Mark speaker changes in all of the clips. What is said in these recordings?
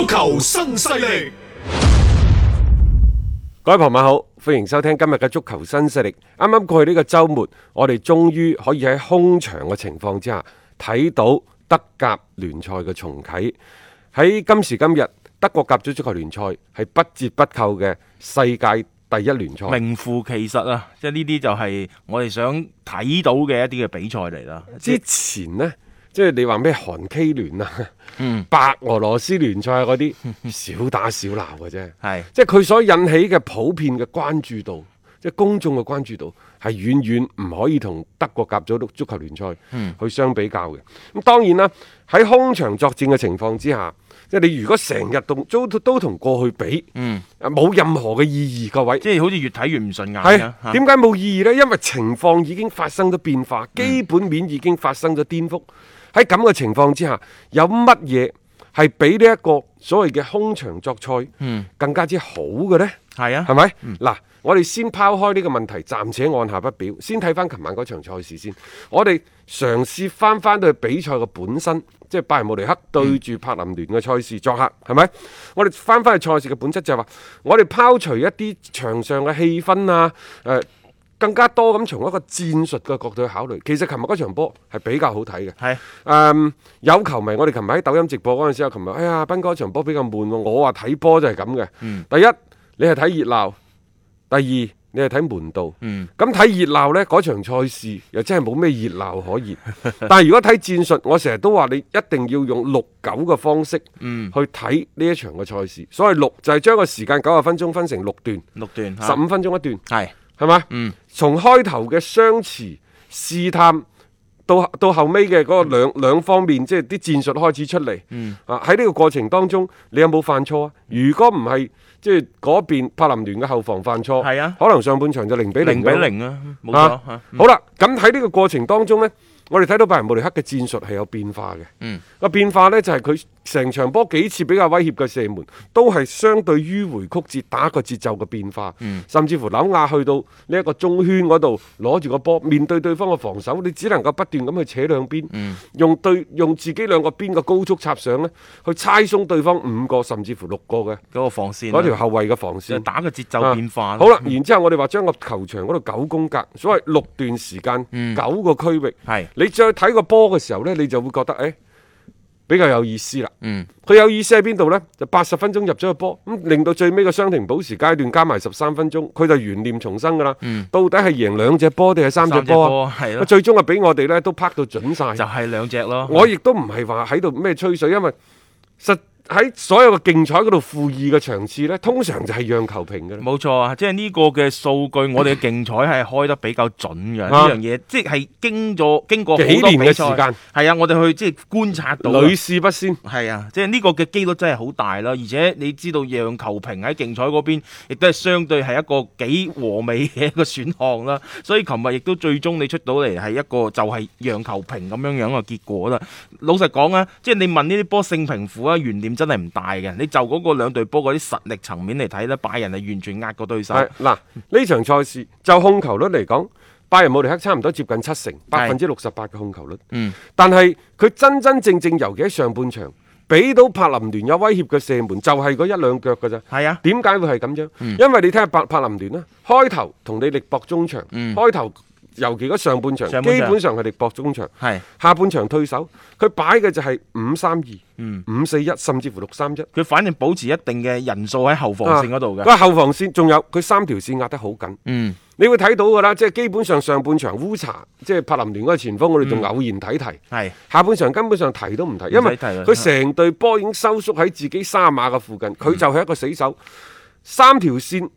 Speaker 1: 足球新勢力，各位朋友好，歡迎收聽今日嘅足球新勢力。啱啱過去呢個周末，我哋終於可以喺空場嘅情況之下，睇到德甲聯賽嘅重啟。喺今時今日，德國甲組足球聯賽係不折不扣嘅世界第一聯賽，名
Speaker 2: 副其實啊！即係呢啲就係我哋
Speaker 1: 想睇到嘅一啲嘅比賽嚟啦。之前呢。即係你話咩韓 K 聯啊，白俄羅斯聯賽嗰啲小打小鬧嘅啫，即係佢所引起嘅普遍嘅關注度，即係公眾嘅關注度係遠遠唔可以同德國甲組足球聯賽去相比較嘅。咁，嗯，當然啦，喺空場作戰嘅情況之下，即係你如果成日都都同過去比，嗯，冇任何嘅意義，各位，即係好似越睇越唔順眼。係點解冇意義呢？因為情況已經發生咗變化，基本面已經發生咗顛覆。嗯喺咁嘅情況之下，有乜嘢係比呢一個所謂嘅空場作賽，嗯，更加之好嘅呢？係啊、嗯，係咪？嗱，我哋先拋開呢個問題，暫且按下不表，先睇翻琴晚嗰場賽事先。我哋嘗試翻翻到比賽嘅本身，即係拜仁慕尼克對住柏林聯嘅賽事作客，係咪？我哋翻翻去賽事嘅本質就係話，我哋拋除一啲場上嘅氣氛啊，誒、呃。更加多咁從一個戰術嘅角度去考慮，其實琴日嗰場波係比較好睇嘅。係是，誒、um, 有球迷，我哋琴日喺抖音直播嗰陣時候，我琴日哎呀，斌哥嗰場波比較悶喎。我話睇波就係咁嘅。嗯、第一你係睇熱鬧，第二你係睇門道。嗯，咁睇熱鬧呢，嗰場賽事又真係冇咩熱鬧可言。 但係如果睇戰術，我成日都話你一定要用六九嘅方式，去睇呢一場嘅賽事。嗯、所謂六就係將個時間九十分鐘分成六段，六段，十五分鐘一段，係係咪？是吧嗯。從開頭嘅相持試探到到後尾嘅嗰個兩兩、嗯、方面，即係啲戰術開始出嚟。嗯、啊，喺呢個過程當中，你有冇犯錯啊？如果唔係，即係嗰邊柏林聯嘅後防犯錯，係啊，可能上半場就零比零。零比零啊，冇錯。好啦，咁喺呢個過程當中呢，我哋睇到拜仁慕尼克嘅戰術係有變化嘅。嗯，個、嗯、變化呢，就係佢。成場波幾次比較威脅嘅射門，都係相對迂回曲折打個節奏嘅變化，嗯、甚至乎紐亞去到呢一個中圈嗰度攞住個波，面對對方嘅防守，你只能夠不斷咁去扯兩邊，嗯、用對用自己兩個邊嘅高速插上呢去猜鬆對方五個甚至乎六個嘅嗰個防線、啊，嗰條後衞嘅防線，打
Speaker 2: 個節奏變化、啊。好啦，嗯、然
Speaker 1: 之後我哋話將個球場嗰度九宮格，所謂六段時間，嗯、九個區域，是你再睇個波嘅時候呢，你就會覺得誒。比較有意思啦，佢、嗯、有意思喺邊度呢？就八十分鐘入咗個波，咁、嗯、令到最尾個傷停補時階段加埋十三分鐘，佢就懸念重生噶啦。嗯、到底係贏兩隻波定係三隻波啊？最終啊，俾我哋呢都拍到準晒，就係兩隻咯。我亦都唔係話喺度咩吹水，因為十。喺所有嘅競彩嗰度負二嘅場次呢，通常就係讓球平嘅啦。
Speaker 2: 冇錯啊，即係呢個嘅數據， 我哋嘅競彩係開得比較準嘅呢樣嘢，啊、即係經咗經過，經過多幾年嘅時間，係啊，我哋去即係觀察到，屢試不鮮。係啊，即係呢個嘅機率真係好大啦，而且你知道讓球平喺競彩嗰邊，亦都係相對係一個幾和美嘅一個選項啦。所以琴日亦都最終你出到嚟係一個就係讓球平咁樣樣嘅結果啦。老實講啊，即係你問呢啲波勝平負啊，原點。真係唔大嘅。你就嗰個兩隊波嗰啲實力層面嚟睇呢，
Speaker 1: 拜仁係完全壓過對手。嗱，呢場賽事就控球率嚟講，拜仁慕尼克差唔多接近七成，百分之六十八嘅控球率。嗯是，但係佢真真正正，尤其喺上半場，俾到柏林聯有威脅嘅射門，就係、是、嗰一兩腳嘅啫。係啊，點解會係咁樣？嗯、因為你睇下柏柏林聯呢，開頭同你力搏中場，嗯、開頭。尤其嗰上半場，半場基本上係力搏中場，係是下半場退守，佢擺嘅就係五三二、嗯、五四一，甚至乎六三一，佢反正保持一定嘅人數喺後防線嗰度嘅。哇、啊，那個、後防線仲有佢三條線壓得好緊，嗯，你會睇到㗎啦，即係基本上上半場烏茶，即係柏林聯嗰個前鋒，我哋仲偶然睇提，提，係、嗯、下半場根本上提都唔提，因為佢成隊波已經收縮喺自己沙馬嘅附近，佢、嗯、就係一個死守三條線。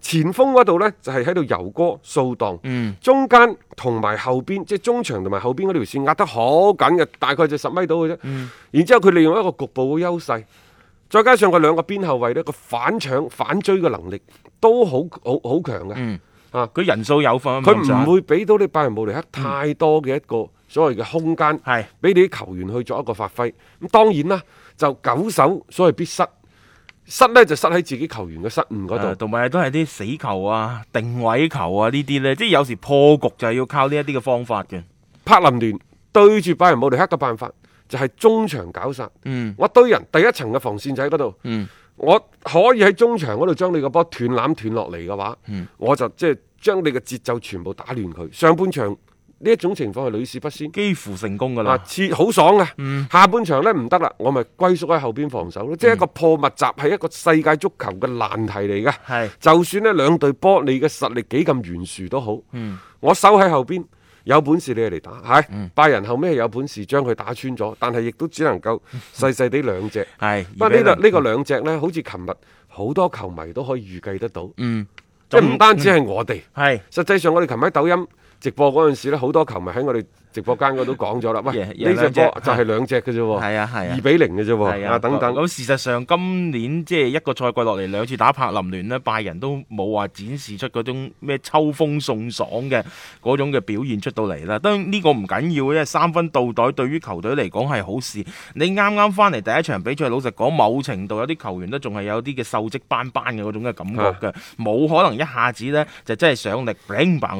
Speaker 1: 前鋒嗰度呢，就係喺度游歌掃蕩，中間同埋後邊，即係中場同埋後邊嗰條線壓得好緊嘅，大概就十米到嘅啫。嗯、然之後佢利用一個局部嘅優勢，再加上佢兩個邊後衛呢個反搶反追嘅能力都好好好強嘅。啊、嗯，佢人數有分，佢唔會俾到你拜仁慕尼黑太多嘅一個所謂嘅空間，係俾、嗯、你啲球員去做一個發揮。咁當然啦，就久守所謂必失。失咧就失喺自己球員嘅
Speaker 2: 失誤嗰度，同埋、呃、都係啲死球啊、定位球啊呢啲呢。即係有時破局就係
Speaker 1: 要靠呢一啲嘅方法嘅。柏林聯對住拜仁慕尼黑嘅辦法就係、是、中場搞殺，嗯、我堆人第一層嘅防線就喺嗰度，嗯、我可以喺中場嗰度將你個波斷攬斷落嚟嘅話，嗯、我就即係將你嘅節奏全部打亂佢。上半場。呢一種情況係屢試不鮮，幾乎成功㗎啦。啊，切好爽嘅。下半場呢唔得啦，我咪歸縮喺後邊防守咯。即係一個破密集係一個世界足球嘅難題嚟㗎。就算呢兩隊波，你嘅實力幾咁懸殊都好。我守喺後邊，有本事你嚟打，係。拜仁後尾有本事將佢打穿咗，但係亦都只能夠細細啲兩隻。不過呢度呢個兩隻呢，好似琴日好多球迷都可以預計得到。嗯，即唔單止係我哋。係，實際上我哋琴日喺抖音。直播嗰陣時咧，好多球迷喺我哋直播間嗰度都講咗啦。Yeah, 喂，呢場波就係兩隻嘅啫喎，二、啊啊、比零嘅啫喎啊，啊等等。咁
Speaker 2: 事實上今年即係一個賽季落嚟兩次打柏林聯呢，拜仁都冇話展示出嗰種咩秋風送爽嘅嗰種嘅表現出到嚟啦。當然呢個唔緊要嘅，因三分到袋對於球隊嚟講係好事。你啱啱翻嚟第一場比賽，老實講，某程度有啲球員都仲係有啲嘅鏽跡斑斑嘅嗰種嘅感覺嘅，冇、啊、可能一下子咧就真係上力，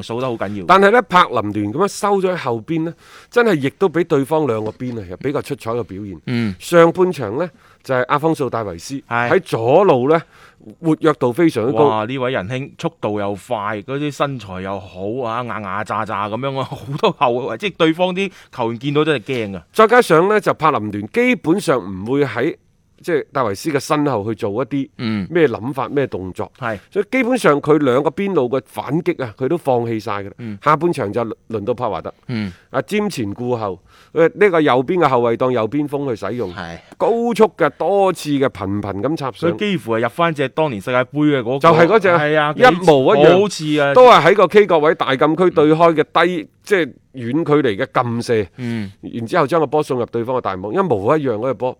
Speaker 2: 掃得好緊要。
Speaker 1: 柏林聯咁樣收咗喺後邊咧，真係亦都俾對方兩個邊啊，又比較出彩嘅表現。嗯，上半場呢，就係、是、阿方索戴維斯喺是左路呢，活躍度非常之高。哇！呢
Speaker 2: 位仁兄速度又快，嗰啲身材又好啊，牙牙乍乍咁樣啊，好 多後衛即係對方啲球員見到真係
Speaker 1: 驚啊！再加上呢，就柏林聯基本上唔會喺。即係戴維斯嘅身後去做一啲咩諗法、咩動作，是所以基本上佢兩個邊路嘅反擊啊，佢都放棄曬㗎。嗯、下半場就輪，輪到帕華德，嗯、啊瞻前顧後，呢個右邊嘅後衞當右邊鋒去使用，是高速嘅多次嘅頻頻咁插水，幾乎係入翻隻當年世界盃嘅嗰、那個，就係嗰隻，一模一樣，啊、都係喺個 K 角位大禁區對開嘅低。即係遠距離嘅禁射，然之後將個波送入對方嘅大網，一模一樣嗰個波。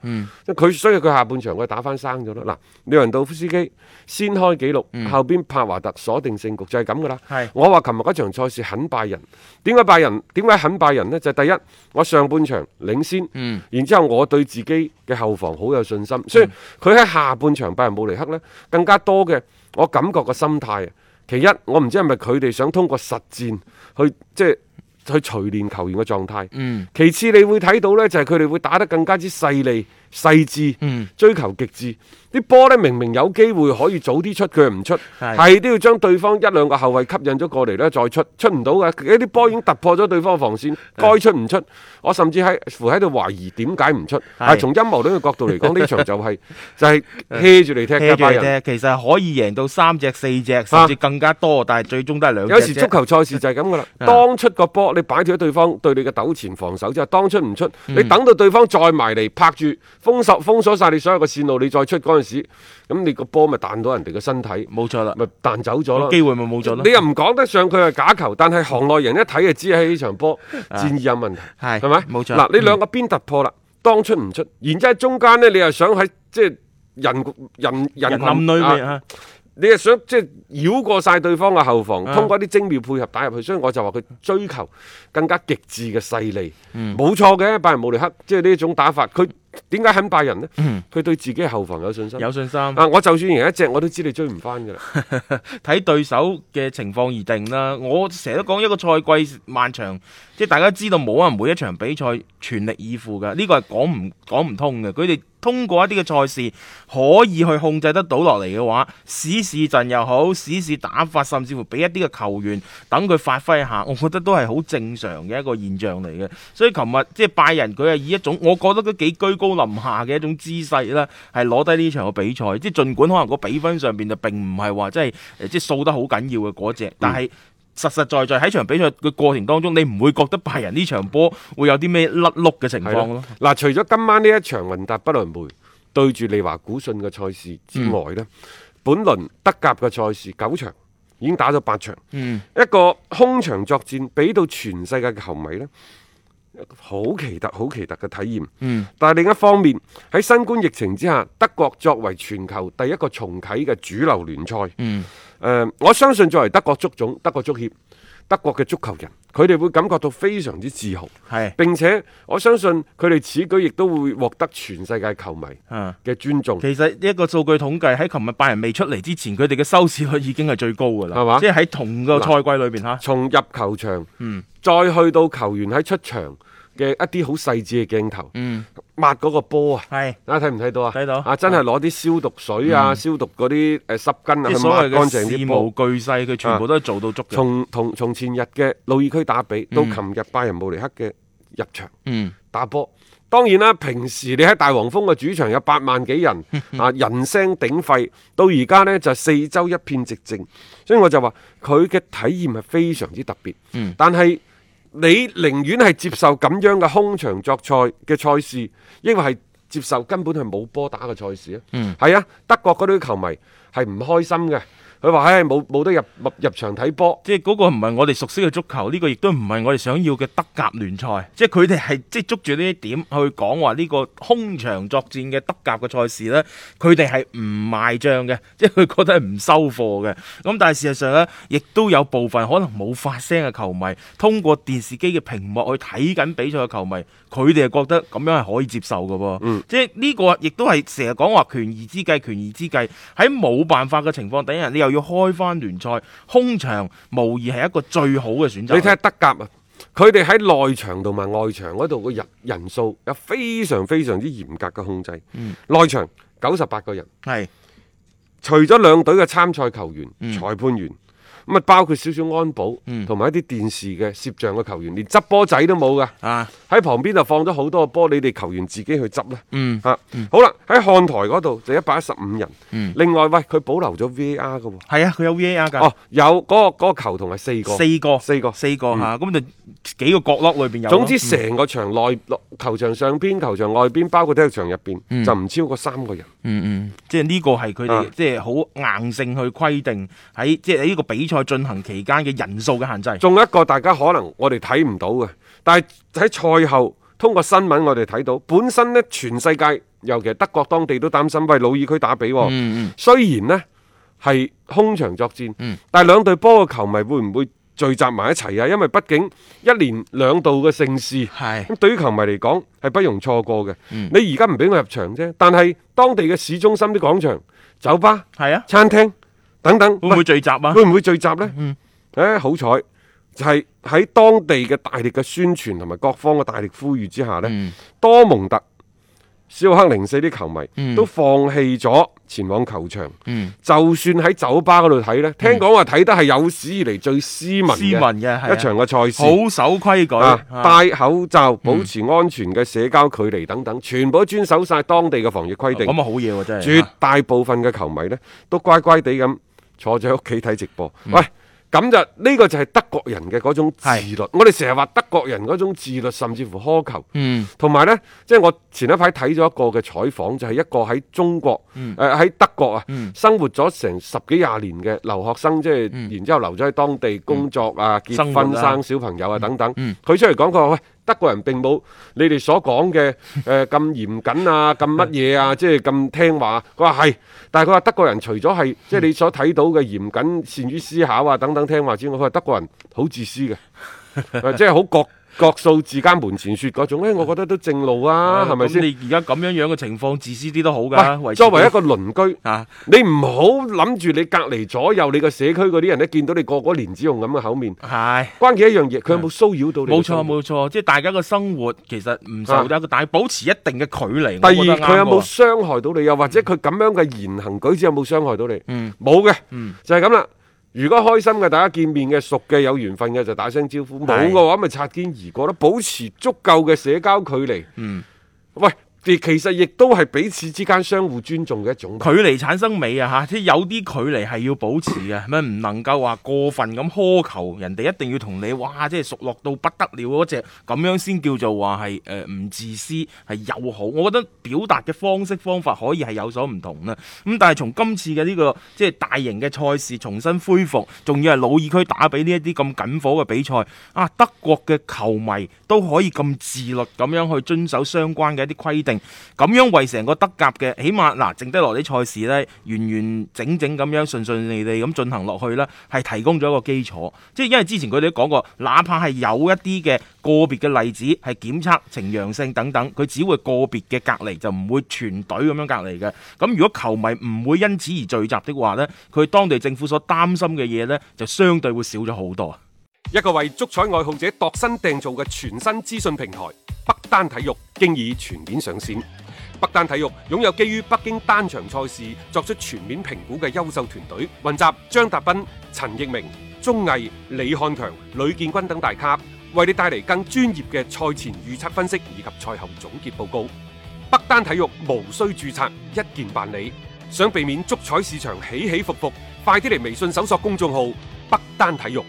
Speaker 1: 佢需要佢下半場佢打翻生咗咯。嗱，諾人道夫斯基先開紀錄，嗯、後邊帕華特鎖定勝局就係咁噶啦。是我話琴日嗰場賽事肯拜仁，點解拜仁？點解肯拜仁呢？就是、第一，我上半場領先，嗯、然之後我對自己嘅後防好有信心，所以佢喺下半場拜仁慕尼黑呢，更加多嘅，我感覺個心態。其一，我唔知係咪佢哋想通過實戰去即係。去錘煉球員嘅狀態。嗯、其次，你會睇到呢，就係佢哋會打得更加之細膩。細緻，追求極致，啲波咧明明有機會可以早啲出，佢又唔出，係都要將對方一兩個後衞吸引咗過嚟咧，再出出唔到嘅，一啲波已經突破咗對方防線，該出唔出，我甚至係乎喺度懷疑點解唔出，係從陰謀論嘅角度嚟講，呢場就係就係 hea 住嚟踢嘅啫。其實可以贏到三隻四隻，甚至更加多，但係最終得兩隻啫。有時足球賽事就係咁噶啦，當出個波你擺脱咗對方對你嘅糾纏防守之後，當出唔出，你等到對方再埋嚟拍住。封鎖封鎖晒你所有嘅線路，你再出嗰陣時，咁你個波咪彈到人哋嘅身體，冇錯啦，咪彈走咗啦，機會咪冇咗啦。你又唔講得上佢係假球，但係行內人一睇就知係呢場波戰意有問題，係咪？冇錯。嗱，你兩個邊突破啦，當出唔出，然之後中間呢，你又想喺即係人人人羣裏面啊，你又想即係繞過晒對方嘅後防，通過啲精妙配合打入去，所以我就話佢追求更加極致嘅勢利，冇錯嘅拜仁慕尼黑，即係呢一種打法，佢。點解肯拜人呢？佢、嗯、對自己後防有信心，有信心啊！我就算贏一隻，我都知你追
Speaker 2: 唔翻噶啦。睇對手嘅情況而定啦。我成日都講一個賽季漫長，即係大家知道冇人每一場比賽全力以赴噶，呢、這個係講唔講唔通嘅。佢哋。通過一啲嘅賽事可以去控制得到落嚟嘅話，試試陣又好，試試打法，甚至乎俾一啲嘅球員等佢發揮下，我覺得都係好正常嘅一個現象嚟嘅。所以琴日即係拜仁，佢係以一種我覺得都幾居高臨下嘅一種姿勢啦，係攞低呢場嘅比賽。即係儘管可能個比分上邊就並唔係話即係即係掃得好緊要嘅嗰隻，但係，嗯實實在在喺場比賽嘅過
Speaker 1: 程當中，你唔會覺得拜仁呢場波會有啲咩甩碌嘅情況咯。嗱、啊，除咗今晚呢一場雲達不萊梅對住利華古信嘅賽事之外呢、嗯、本輪德甲嘅賽事九場已經打咗八場，嗯、一個空場作戰，俾到全世界嘅球迷咧。好奇特、好奇特嘅體驗，嗯，但係另一方面喺新冠疫情之下，德國作為全球第一個重啟嘅主流聯賽，嗯、呃，我相信作為德國足總德國足協德國嘅足球人。佢哋會感覺到非常之自豪，係是。並且我相信佢哋此舉亦都會獲得全世界球迷嘅尊重。啊、其
Speaker 2: 實一個數據統計喺琴日拜仁未出嚟之前，
Speaker 1: 佢哋嘅收視率已經係最高㗎啦，係嘛吧？即係喺同個賽季裏邊嚇，啊、從入球場，嗯，再去到球員喺出場。嘅一啲好細緻嘅鏡頭，嗯、抹嗰個波啊！係，大家睇唔睇到啊？睇到啊！真係攞啲消毒水啊，嗯、消毒嗰啲誒濕巾啊，抹乾淨啲波。事無巨細，佢全部都係做到足。從同從前日嘅魯爾區打比，到琴日拜仁慕尼克嘅入場、嗯、打波。當然啦，平時你喺大黃蜂嘅主場有八萬幾人、嗯、啊，人聲鼎沸。到而家呢就四周一片寂靜。所以我就話佢嘅體驗係非常之特別。嗯是，但係。你寧願係接受咁樣嘅空場作賽嘅賽事，抑或係接受根本係冇波打嘅賽事啊？嗯，係啊，德國嗰啲球迷係唔開心嘅。佢話：唉，冇、哎、冇得入入，入場睇波，即係嗰個唔係我哋熟悉嘅足球，呢、這個亦都
Speaker 2: 唔係我哋想要嘅德甲聯賽。即係佢哋係即係捉住呢一點去講話呢個空場作戰嘅德甲嘅賽事呢，佢哋係唔賣帳嘅，即係佢覺得係唔收貨嘅。咁但係事實上呢，亦都有部分可能冇發聲嘅球迷，通過電視機嘅屏幕去睇緊比賽嘅球迷，佢哋係覺得咁樣係可以接受嘅喎。嗯、即係呢個亦都係成日講話權宜之計，權宜之計喺冇辦法嘅情
Speaker 1: 況下，等人你又。要開翻聯賽，空場無疑係一個最好嘅選擇。你睇下德甲啊，佢哋喺內場同埋外場嗰度個人人數有非常非常之嚴格嘅控制。嗯，內場九十八個人，係是除咗兩隊嘅參賽球員、嗯、裁判員。咁啊，包括少少安保，同埋一啲電視嘅攝像嘅球員，連執波仔都冇噶。啊，喺旁邊就放咗好多個波，你哋球員自己去執啦。嗯。啊，好啦，喺看台嗰度就一百一十五人。另外，喂，佢保留咗 VAR 噶。
Speaker 2: 係啊，佢有 VAR 噶。哦，
Speaker 1: 有嗰個嗰個球童係四個。四個。四個。四個嚇，咁就幾個角落裏邊有。總之，成個場內、球場上邊、球場外邊，包括體育場入邊，就唔超過三個人。嗯嗯，即係呢個係佢哋即係好硬性去規定喺即係呢個比賽。在進行期間嘅人數嘅限制，仲有一個大家可能我哋睇唔到嘅，但係喺賽後通過新聞我哋睇到，本身呢全世界，尤其係德國當地都擔心，為魯爾區打比、哦嗯。嗯嗯。雖然呢係空場作戰，嗯、但係兩隊波嘅球迷會唔會聚集埋一齊啊？因為畢竟一年兩度嘅盛事，係咁是，對於球迷嚟講係不容錯過嘅。嗯、你而家唔俾我入場啫，但係當地嘅市中心啲廣場、酒吧、係是啊、餐廳。等等會唔會聚集啊？會唔會聚集呢？誒好彩就係喺當地嘅大力嘅宣傳同埋各方嘅大力呼籲之下咧， 多蒙特、肖克零四啲球迷都放棄咗前往球場。 就算喺酒吧嗰度睇呢，聽講話睇得係有史以嚟最斯文嘅一場嘅賽事，好守規矩、啊，戴口罩，保持安全嘅社交距離等等，全部都遵守晒當地嘅防疫規定。咁 啊好嘢喎！真係絕大部分嘅球迷呢都乖乖地咁。坐咗喺屋企睇直播，嗯、喂，咁就呢、呢個就係德國人嘅嗰種自律。是我哋成日話德國人嗰種自律，甚至乎苛求。嗯，同埋咧，即、就、係、是、我前一排睇咗一個嘅採訪，就係、是、一個喺中國，誒喺、嗯呃、德國啊，嗯、生活咗成十幾廿年嘅留學生，即係、嗯、然之後留咗喺當地工作啊，嗯、結婚生，生小朋友啊等等。嗯，佢出嚟講過話喂。德國人並冇你哋所講嘅誒咁嚴謹啊，咁乜嘢啊，即係咁聽話啊。佢話係，但係佢話德國人除咗係即係你所睇到嘅嚴謹、善於思考啊等等聽話之外，佢話德國人好自私嘅，即係好覺。各掃自家門前雪嗰種，誒，我覺得都正路啊，係咪先？你而家咁樣樣嘅情況，自私啲都好噶。作為一個鄰居啊，你唔好諗住你隔籬左右你個社區嗰啲人咧，見到你過嗰蓮子蓉咁嘅口面。係，關鍵一樣嘢，佢有冇騷擾到你？冇錯冇
Speaker 2: 錯，即係大家嘅生活其實唔受得，但係保持一定嘅距離。第二，佢有冇
Speaker 1: 傷害到你？又或者佢咁樣嘅言行舉止有冇傷害到你？冇嘅，就係咁啦。如果開心嘅，大家見面嘅熟嘅有緣分嘅就打聲招呼，冇嘅的話咪擦肩而過咯，保持足夠嘅社交距離。嗯，喂。其實亦都係彼此之間相互尊重嘅一種距離產生美啊！即啲有啲距離
Speaker 2: 係要保持嘅，係咪唔能夠話過分咁苛求人哋一定要同你哇，即係熟絡到不得了嗰隻咁樣先叫做話係誒唔自私係友好。我覺得表達嘅方式方法可以係有所唔同啦。咁、嗯、但係從今次嘅呢、這個即係大型嘅賽事重新恢復，仲要係魯爾區打俾呢一啲咁緊火嘅比賽啊，德國嘅球迷都可以咁自律咁樣去遵守相關嘅一啲規定。咁樣為成個德甲嘅，起碼嗱，淨低落啲賽事呢，完完整整咁樣順順利利咁進行落去呢，係提供咗一個基礎。即係因為之前佢哋都講過，哪怕係有一啲嘅個別嘅例子係檢測呈陽性等等，佢只會個別嘅隔離，就唔會全隊咁樣隔離嘅。咁如果球迷唔會因此而聚集的話呢，佢當地政府所擔心嘅嘢呢，就相對會少咗好多。
Speaker 1: 一個為足彩愛好者度身訂造嘅全新資訊平台。北單體育經已全面上線。北單體育擁有基於北京單場賽事作出全面評估嘅優秀團隊，雲集張達斌、陳奕明、鍾毅、李漢強、呂建軍等大咖，為你帶嚟更專業嘅賽前預測分析以及賽後總結報告。北單體育無需註冊，一鍵辦理。想避免足彩市場起起伏伏，快啲嚟微信搜索公眾號北單體育。